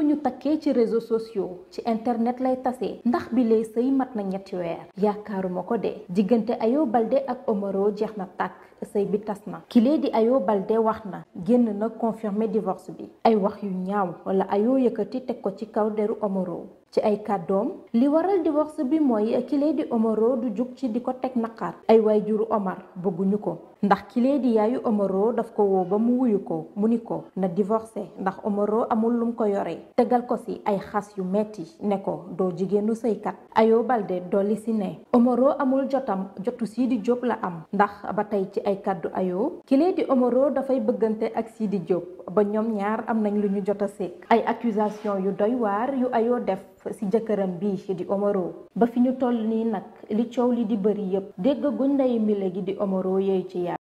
bu ñu takkee ci réseaux sociaux ci internet lay tasee ndax bi lay sëy mat na ñetti weer yaakaaruma ko de diggante Ayo ak Omaro jeex na tàkk sëy bi tas na kilee di Ayo Balde wax na génn na confirmer divorce bi ay wax yu ñaaw wala Ayo yëkkati teg ko ci kaw deru Omaro ci ay kàddoom li waral divorce bi mooy kilee di omoro du jug ci di ko teg naqar ay waajuru Omar bëgguñu ko ndax kilee di yaayu Omaro daf ko woo ba mu wuyu ko mu ni ko na divorcé ndax Omaro amul lum ko yore tegal ko ci ay xas yu metti ne ko doo jigéenu sëykat Ayo Balde dolli si ne Omaro amul jotam jotu Sidi Diop la am ndax ba tey ci ay kàddu Ayo kilee di Omaro dafay bëggante ak di Diop ba ñoom ñaar am nañ lu ñu jot a sekk ay accusation yu doy waar yu ayoo def ci jëkkëram bi ci di Omaro ba fi ñu toll nii nag li coow li di bëri yépp dégg guñ nday mbile gi di Omaro yooyu ci yàlla